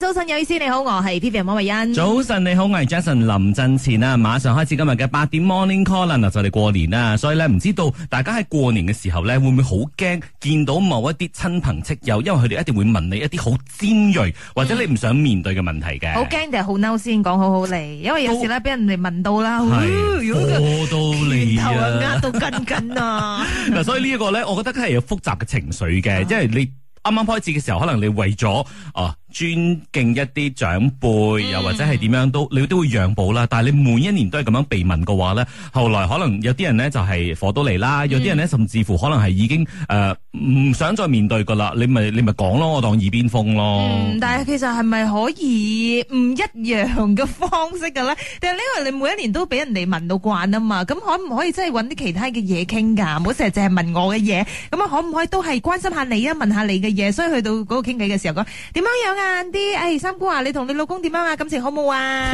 早晨，有意思，你好，我係 Peter 莫慧欣。早晨，你好，我係 Jason 林振前啊！馬上開始今日嘅八點 Morning Call 啦！嗱，就嚟過年啦，所以咧，唔知道大家喺過年嘅時候咧，會唔會好驚見到某一啲親朋戚友？因為佢哋一定會問你一啲好尖銳或者你唔想面對嘅問題嘅。好驚定係好嬲，先講好好嚟，因為有時咧，俾都人哋問到啦，過到嚟拳頭壓到緊緊啊！嗱、啊 呃，所以呢一個咧，我覺得係有複雜嘅情緒嘅，因為你啱啱開始嘅時候，可能你為咗啊。尊敬一啲長輩，又或者係點樣都，你都會讓步啦。但係你每一年都係咁樣避問嘅話咧，後來可能有啲人咧就係火都嚟啦，有啲人咧甚至乎可能係已經誒。呃唔想再面對噶啦，你咪你咪講咯，我當耳邊風咯、嗯。但係其實係咪可以唔一樣嘅方式嘅咧？定係呢個你每一年都俾人哋問到慣啊嘛，咁可唔可以即係揾啲其他嘅嘢傾㗎？唔好成日淨係問我嘅嘢，咁啊可唔可以都係關心下你啊？問下你嘅嘢，所以去到嗰個傾偈嘅時候，講點樣樣啊啲、哎？三姑啊，你同你老公點樣啊？感情好冇啊？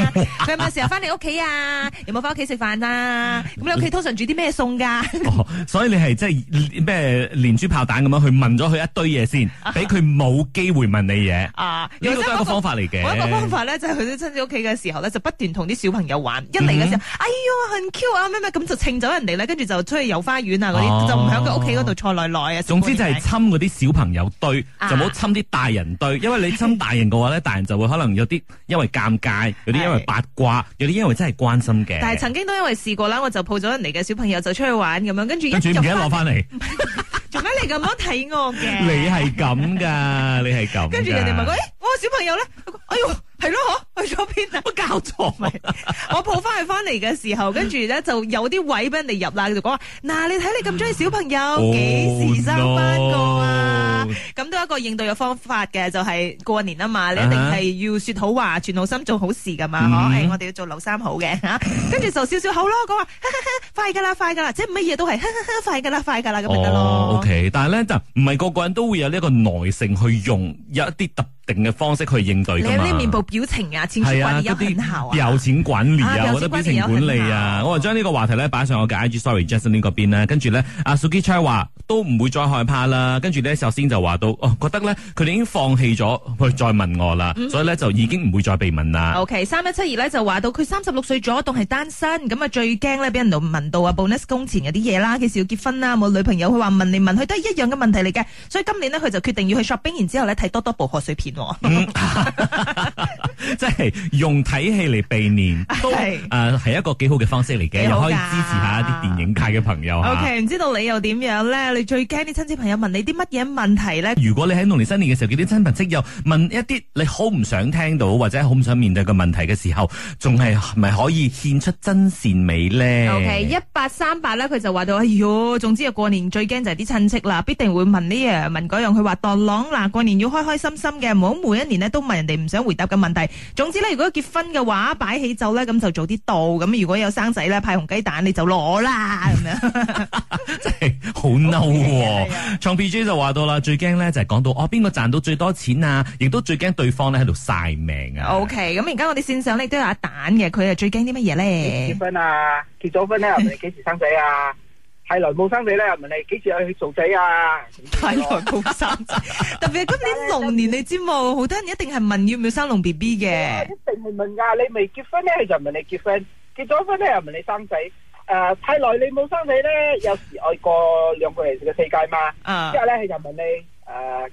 有咪時候翻你屋企啊？ 有冇翻屋企食飯啊？咁你屋企通常煮啲咩餸㗎？所以你係即係咩連珠炮打 咁樣去問咗佢一堆嘢先，俾佢冇機會問你嘢。啊，呢個都係一個方法嚟嘅。我一個方法咧，就係去啲親戚屋企嘅時候咧，就不斷同啲小朋友玩。一嚟嘅時候，哎喲，好 Q 啊，咩咩咁就請走人哋咧，跟住就出去遊花園啊嗰啲，就唔喺佢屋企嗰度坐耐耐啊。總之就係侵嗰啲小朋友堆，就唔好侵啲大人堆。因為你侵大人嘅話咧，大人就會可能有啲因為尷尬，有啲因為八卦，有啲因為真係關心嘅。但係曾經都因為試過啦，我就抱咗人哋嘅小朋友就出去玩咁樣，跟住住唔記得攞翻嚟。點解 你咁樣睇我嘅？ 你係咁噶，你係咁。跟住人哋問：「佢：，誒，我小朋友咧，哎喲！係咯， 去咗邊啊？教錯咪？我抱翻佢翻嚟嘅時候，跟住咧就有啲位俾人哋入啦。佢就講話：嗱、啊，你睇你咁中意小朋友，幾 時生翻個啊？咁都、oh, no. 一個應對嘅方法嘅，就係、是、過年啊嘛，你一定係要說好話，存好心，做好事噶嘛，uh huh. 啊、我哋要做老三好嘅吓，跟 住就笑笑口咯。講話快噶啦，快噶啦，即係乜嘢都係快噶啦，快噶啦咁咪得咯。O、oh, K，、okay. 但係咧就唔係個個人都會有呢一個耐性去用，有一啲特。定嘅方式去應對嘅嘛，嗰啲面部表情啊，錢滾有面效、啊啊、有錢管理啊，我覺得表情管理啊，我話將呢個話題咧擺上我嘅 IG Sorry Justin 嗰邊咧，跟住咧阿、啊、Suki Che 話都唔會再害怕啦，跟住咧首先就話到，哦，覺得咧佢哋已經放棄咗去再問我啦，嗯、所以咧就已經唔會再被問啦。O K，三一七二咧就話到佢三十六歲咗，仲係單身，咁啊最驚咧俾人度問到啊、嗯、bonus 工錢嗰啲嘢啦，幾時要結婚啦，冇女朋友，佢話問你問佢都係一樣嘅問題嚟嘅，所以今年咧佢就決定要去 shopping，然之後睇多多部賀歲片。 即係用睇戲嚟避年，係誒係一個幾好嘅方式嚟嘅， 又可以支持一下一啲電影界嘅朋友。OK，唔、啊、知道你又點樣咧？你最驚啲親戚朋友問你啲乜嘢問題咧？如果你喺農曆新年嘅時候，見啲親戚朋友問一啲你好唔想聽到或者好唔想面對嘅問題嘅時候，仲係咪可以獻出真善美咧？OK，一八三八咧，佢就話到哎喲，總之啊過年最驚就係啲親戚啦，必定會問呢樣問嗰樣，佢話當朗，嗱，過年要開開心心嘅。唔好每一年咧都問人哋唔想回答嘅問題。總之咧，如果結婚嘅話擺喜酒咧，咁就早啲到。咁如果有生仔咧，派紅雞蛋你就攞啦。咁樣真係好嬲。唱 p J 就話到啦，最驚咧就係、是、講到哦，邊個賺到最多錢啊？亦都最驚對方咧喺度曬命啊。O K，咁而家我哋線上咧都有阿蛋嘅，佢係最驚啲乜嘢咧？結婚啊，結咗婚咧，你幾時，時生仔啊？ 太耐冇生仔咧，又問你幾時去做仔啊？太耐冇生仔，特別係今年龍年，你知冇？好多人一定係問要唔要生龍 BB 嘅。一定係問噶，你未結婚咧，佢就問你結婚；結咗婚咧，又問你生仔。誒，太耐你冇生仔咧，有時愛過兩個人嘅世界嘛。啊，之後咧佢就問你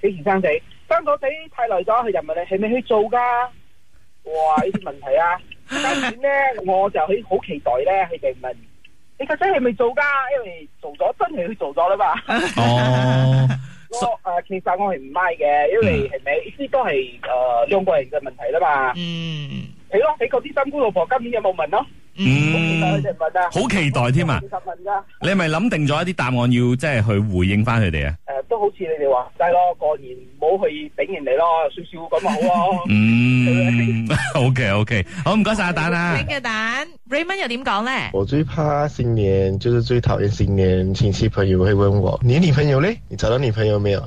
誒，幾時生仔？生咗仔太耐咗，佢就問你係咪去做噶？哇！呢啲問題啊，今年咧我就去好期待咧佢哋問。你個仔係咪做㗎？因為做咗真係去做咗啦嘛。哦，我誒，其實我係唔買嘅，因為係咪呢啲都係誒兩個人嘅問題啦嘛。嗯，係咯，你嗰啲三姑六婆今年有冇問咯？嗯，好期待添、嗯、啊！嗯、你係咪諗定咗一啲答案要即係、就是、去回應翻佢哋啊？誒、呃，都好似你哋話，係咯、 嗯，過年唔好去頂人哋咯，笑少咁咪好。嗯，OK OK，好，唔該晒阿蛋啊！靚嘅蛋，Raymond 又點講咧？我最怕新年，就是最討厭新年親戚朋友會問我：你女朋友咧？你找到女朋友未啊？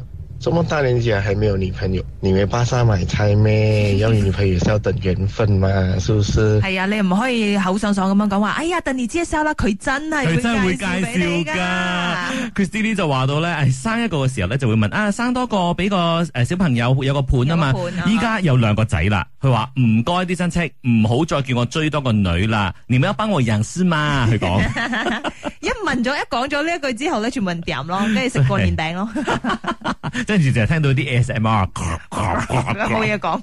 咁麼大年紀啊，還沒有女朋友？你咪巴沙買菜咩？要女朋友是要等緣分嘛，是不是？係啊、哎，你唔可以口爽爽咁樣講話。哎呀，等你姐收啦，佢真係佢真係會介紹俾你噶。Christine 就話到咧、哎，生一個嘅時候咧，就會問啊，生多個俾個誒小朋友有個伴啊嘛。依家有兩個仔啦，佢話唔該啲親戚，唔好再叫我追多個女啦，免得幫我養私嘛。佢講 一問咗一講咗呢一句之後咧，全部人掂咯，跟住食過年餅咯。 跟住聽到啲 ASMR，然後我嘢講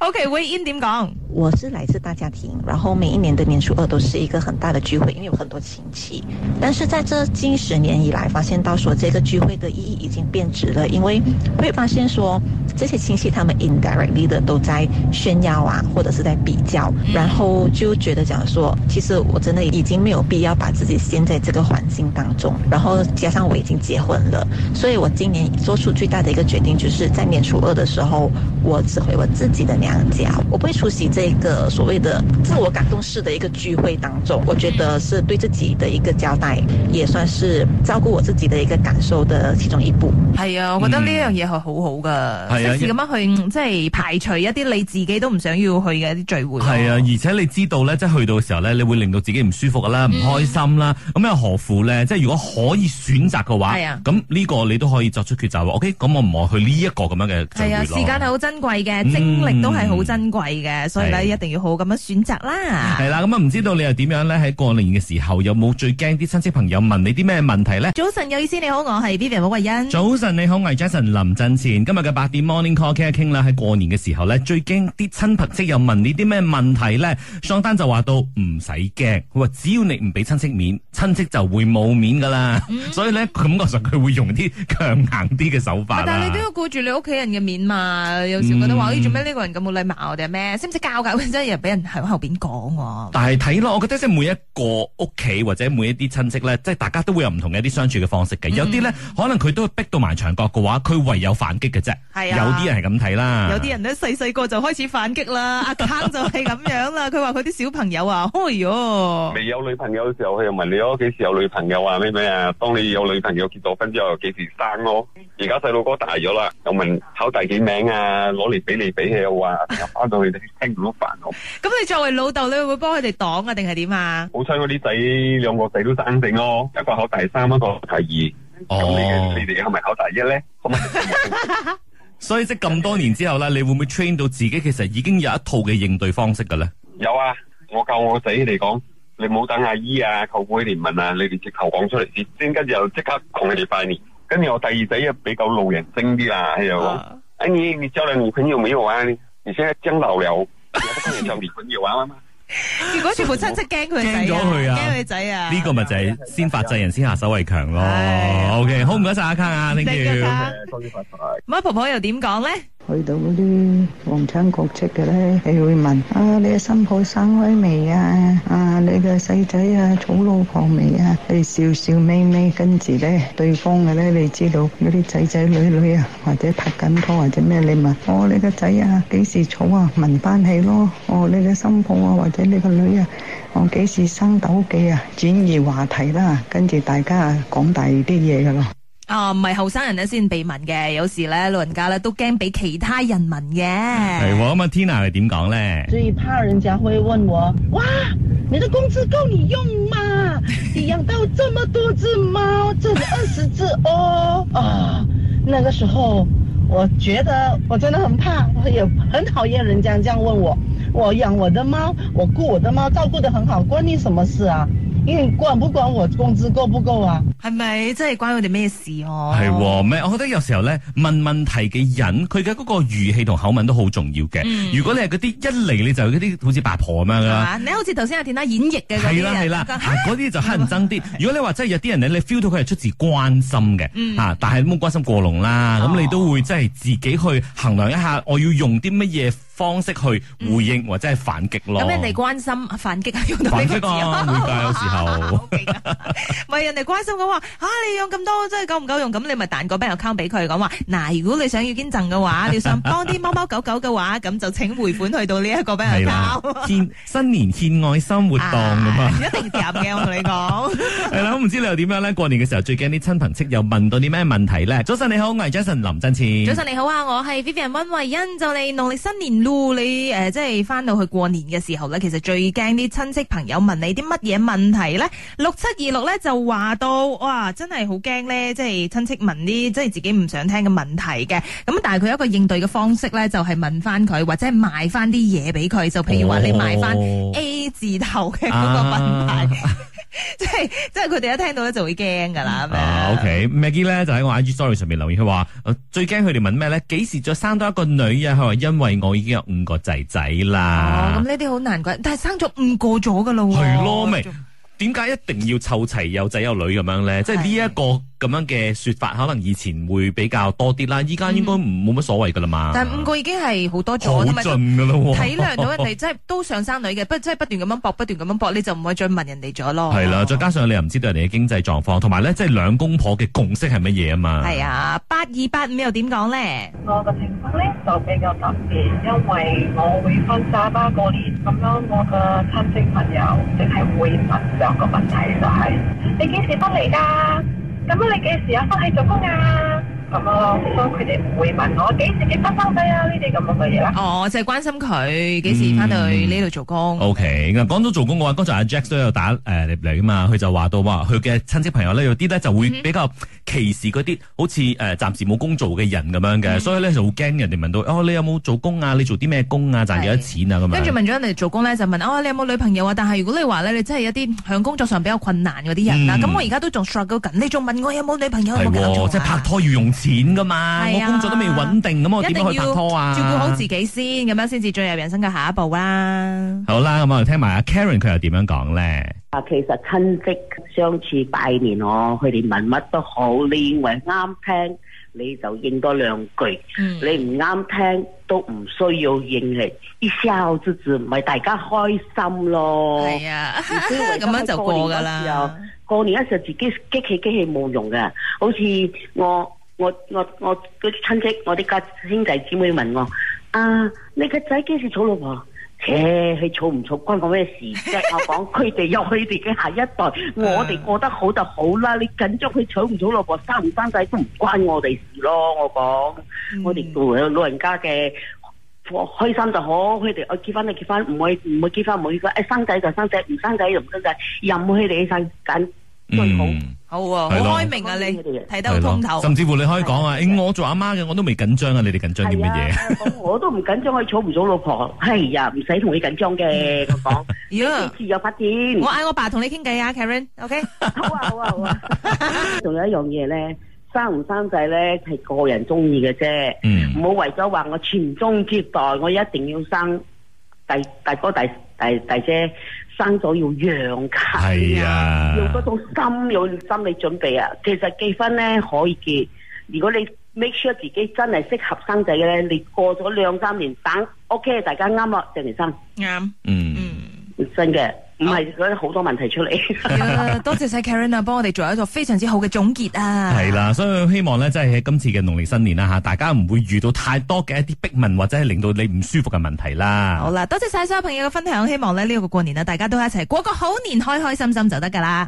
OK 喂，Wein 點講？我是來自大家庭，然後每一年的年初二都是一個很大的聚會，因為有很多親戚。但是在這近十年以來，發現到說，這個聚會的意義已經變質了，因為會發現說，這些親戚他們 indirectly 的都在炫耀啊，或者是在比較，然後就覺得講說，其實我真的已經沒有必要把自己陷在這個環境當中，然後加上我已經結婚了，所以我今年。做出最大的一個決定，就是在年初二的時候，我只回我自己的娘家，我不會出席這個所謂的自我感動式的一個聚會當中。我覺得是對自己的一個交代，也算是照顧我自己的一個感受的其中一步。係啊，我覺得呢樣嘢係好好噶，即係咁樣去即係、嗯、排除一啲你自己都唔想要去嘅一啲聚會，哦。係啊，而且你知道咧，即係去到嘅時候咧，你會令到自己唔舒服啦，唔開心啦，咁、嗯、又何苦咧？即係如果可以選擇嘅話，係啊，咁呢個你都可以作出決。就 OK，咁我唔去呢一個咁樣嘅。係啊，時間係好珍貴嘅，精力都係好珍貴嘅，嗯、所以咧一定要好咁樣選擇啦。係啦，咁啊唔知道你又點樣咧？喺過年嘅時候有冇最驚啲親戚朋友問你啲咩問題咧？早晨，有意思你好，我係 Vivian 武慧欣。早晨你好，我係 Jason 林振前，今日嘅八點 Morning Call 傾一傾啦。喺過年嘅時候咧，最驚啲親朋戚友問你啲咩問題咧？雙丹就話到唔使驚，佢話只要你唔俾親戚面，親戚就會冇面噶啦。嗯、 所以咧，感覺上佢會用啲強硬啲嘅手法，但係你都要顧住你屋企人嘅面嘛。有時覺得話，做咩呢個人咁冇禮貌？我哋咩？識唔識教教？真 係又俾人喺後邊講、啊。但係睇咯，我覺得即係每一個屋企或者每一啲親戚咧，即係大家都會有唔同嘅一啲相處嘅方式嘅。有啲咧，可能佢都逼到埋牆角嘅話，佢唯有反擊嘅啫。係啊、嗯，有啲人係咁睇啦。有啲人咧，細細個就開始反擊啦。阿坑 就係咁樣啦，佢話佢啲小朋友啊，哎喲，未有女朋友嘅時候，佢又問你哦，幾時有女朋友啊？咩咩啊？當你有女朋友結咗婚之後，幾時，時生咯、啊？而家細路哥大咗啦，又問考第幾名啊，攞嚟比嚟比嘅話，翻到去都聽唔到煩我。咁你作為老豆，你會幫佢哋擋啊，定係點啊？好彩我啲仔兩個仔都生性咯，一個考第三，一個考第二。咁你你哋係咪考第一咧？所以即咁多年之後咧，你會唔會 train 到自己其實已經有一套嘅應對方式㗎咧？有啊，我教我仔嚟講，你冇等阿姨啊、舅母嚟問啊，你哋直頭講出嚟先，跟住又即刻同佢哋拜年。跟住我第二仔啊，比較老人精啲啦，係咯。哎，你你交咗女朋友沒有啊？你現在將老了，你都可能交女朋友玩玩嗎？結果全部親戚驚佢，驚咗佢啊！驚佢仔啊！呢個咪就係先發制人，先下手為強咯。O K，好唔該晒阿卡啊，thank you，多謝發財。乜婆婆又點講咧？去到嗰啲皇親國戚嘅咧，你會問啊，你嘅新抱生開未啊？啊，你嘅細仔啊，娶、啊、老婆未啊？你笑笑眯眯，跟住咧，對方嘅咧，你知道嗰啲仔仔女女啊，或者拍緊拖或者咩，你問哦，你個仔啊，幾時娶啊？問翻起咯。哦，你嘅新抱啊，或者你個女啊，我幾時生斗記啊？轉移話題啦，跟住大家講第啲嘢㗎喇。啊，唔係後生人咧先被問嘅，有時咧老人家咧都驚俾其他人問嘅。係咁啊，Tina 係點講咧？最 怕人家會問我：哇，你的工資夠你用嗎？你養到這麼多隻貓，淨係二十隻哦。啊、哦，那個時候我覺得我真的很怕，我也很討厭人家這樣問我。我養我的貓，我顧我的貓，照顧得很好，關你什麼事啊？管唔管我工資夠唔夠啊？係咪真係關我哋咩事哦？係咩？我覺得有時候咧問問題嘅人，佢嘅嗰個語氣同口吻都好重要嘅。如果你係嗰啲一嚟你就嗰啲好似八婆咁樣噶啦，你好似頭先阿田生演繹嘅係啦係啦，嗰啲就乞人憎啲。如果你話真係有啲人咧，你 feel 到佢係出自關心嘅，吓，但係冇關心過龍啦。咁你都會真係自己去衡量一下，我要用啲乜嘢方式去回應或者係反擊咯。咁人哋關心反擊啊，用到呢個字啊，有時。好勁啊！唔係人哋關心我話吓，你養咁多真係夠唔夠用？咁你咪彈個 bitcoin 俾佢，講話嗱，如果你想要捐贈嘅話，你想幫啲貓貓狗狗嘅話，咁就請匯款去到呢一個 bitcoin。係啦，獻新年獻愛心活動咁啊，唔一定夾嘅，我同你講。係啦，我唔知你又點樣咧？過年嘅時候最驚啲親朋戚友問到啲咩問題咧？早晨你好，我係 Jason 林振賜。早晨你好啊，我係 Vivian 溫慧欣。就你農曆新年咯，你誒，即係翻到去過年嘅時候咧，其實最驚啲親戚朋友問你啲乜嘢問題？咧，六七二六咧就話到，哇，真係好驚咧，即係親戚問啲即係自己唔想聽嘅問題嘅。咁但係佢有一個應對嘅方式咧，就係問翻佢或者係賣翻啲嘢俾佢，就譬如話你賣翻 A 字頭嘅嗰個品牌，哦啊， 即係即係佢哋一聽到咧就會驚噶啦。啊、麼 o、okay. k Maggie 咧就喺我 IG story 上面留言，佢話最驚佢哋問咩咧？幾時再生多一個女啊？佢話因為我已經有五個仔仔啦，咁呢啲好難怪，但係生咗五個咗噶咯，係咯，咪？點解一定要湊齊有仔有女咁樣咧？即係呢一個。咁樣嘅說法可能以前會比較多啲啦，依家應該唔冇乜所謂噶啦嘛。嗯、但係五個已經係好多咗噶咯，嗯、體諒到人哋，即係、嗯、都想生女嘅，不即係不斷咁樣搏，不斷咁樣搏，你就唔可以再問人哋咗咯。係啦、啊，再加上你又唔知道人哋嘅經濟狀況，同埋咧即係兩公婆嘅共識係乜嘢啊嘛。係啊，八二八五又點講咧？我嘅情況咧就比較特別，因為我會翻沙巴過年，咁樣我嘅親戚朋友即係會問兩個問題，就係你幾時翻嚟噶？咁啊！你幾時啊翻去做工啊？ 咁咯，咁佢哋唔會問我幾時你翻翻嚟啊？呢啲咁樣嘅嘢啦。哦，即、就、係、是、關心佢幾時翻到去呢度、嗯、做工。O K，嗱講到做工嘅話，剛才阿 Jack 都有打誒嚟嚟嘛，佢就話到話佢嘅親戚朋友咧有啲咧就會比較歧視嗰啲好似誒、呃、暫時冇工做嘅人咁樣嘅，嗯、所以咧就好驚人哋問到哦，你有冇做工啊？你做啲咩工啊？賺幾多錢啊？咁是樣跟住問咗人哋做工咧，就問哦，你有冇女朋友啊？但係如果你話咧，你真係一啲喺工作上比較困難嗰啲人啦、啊，咁、嗯嗯、我而家都仲 struggle 緊，你仲問，問我有冇女朋友？係喎的，能能啊、即係拍拖要用錢噶嘛，我工作都未穩定，咁我點樣去拍拖啊？照顧好自己先，咁樣先至進入人生嘅下一步啊！好啦，咁我哋聽埋阿 Karen 佢又點樣講咧？啊，其實親戚相處拜年，我佢哋問乜都好，你認為啱聽你就應多兩句，你唔啱聽都唔需要應嚟。啲笑字唔係大家開心咯，係啊，而家咁樣就過噶啦。過年一時自己激氣激氣冇用嘅，好似我。我我我啲親戚，我啲家兄弟姊妹問我：啊，你個仔幾時娶老婆？誒，佢娶唔娶關 我咩事啫？我講佢哋有佢哋嘅下一代，我哋過得好就好啦。你緊張佢娶唔娶老婆，生唔生仔都唔關我哋事咯。我講、嗯、我哋做老人家嘅開心就好。佢哋愛結婚就結婚，唔會唔會結婚冇嘅、哎。生仔就生仔，唔生仔又唔得嘅，任佢哋去揀。嗯，好，好喎，好開明啊你，睇得通透，甚至乎你可以講啊，誒，我做阿媽嘅，我都未緊張啊，你哋緊張啲乜嘢？我都唔緊張，我娶唔到老婆，係呀，唔使同你緊張嘅，咁講，如果自由發展。我嗌我爸同你傾偈啊，Karen，OK？好啊，好啊，好啊。仲有一樣嘢咧，生唔生仔咧係個人中意嘅啫，唔好為咗話我傳宗接代，我一定要生，第大哥、第第大姐。生咗要養㗎，啊、要嗰種心有心理準備啊。其實結婚咧可以結，如果你 make sure 自己真係適合生仔嘅咧，你過咗兩三年等 OK，大家啱咯，鄭連生啱，嗯 Yeah. 嗯，真嘅、嗯。唔係，好、oh. 好多問題出嚟。 yeah, 多謝晒 Karen 啊，幫我哋做一個非常之好嘅總結啊！係啦， 所以希望咧，即係喺今次嘅農曆新年啦、啊、嚇，大家唔會遇到太多嘅一啲逼問或者係令到你唔舒服嘅問題啦。嗯、好啦，多謝晒所有朋友嘅分享，希望咧呢、呢個過年啊，大家都一齊過個好年，開開心心就得㗎啦。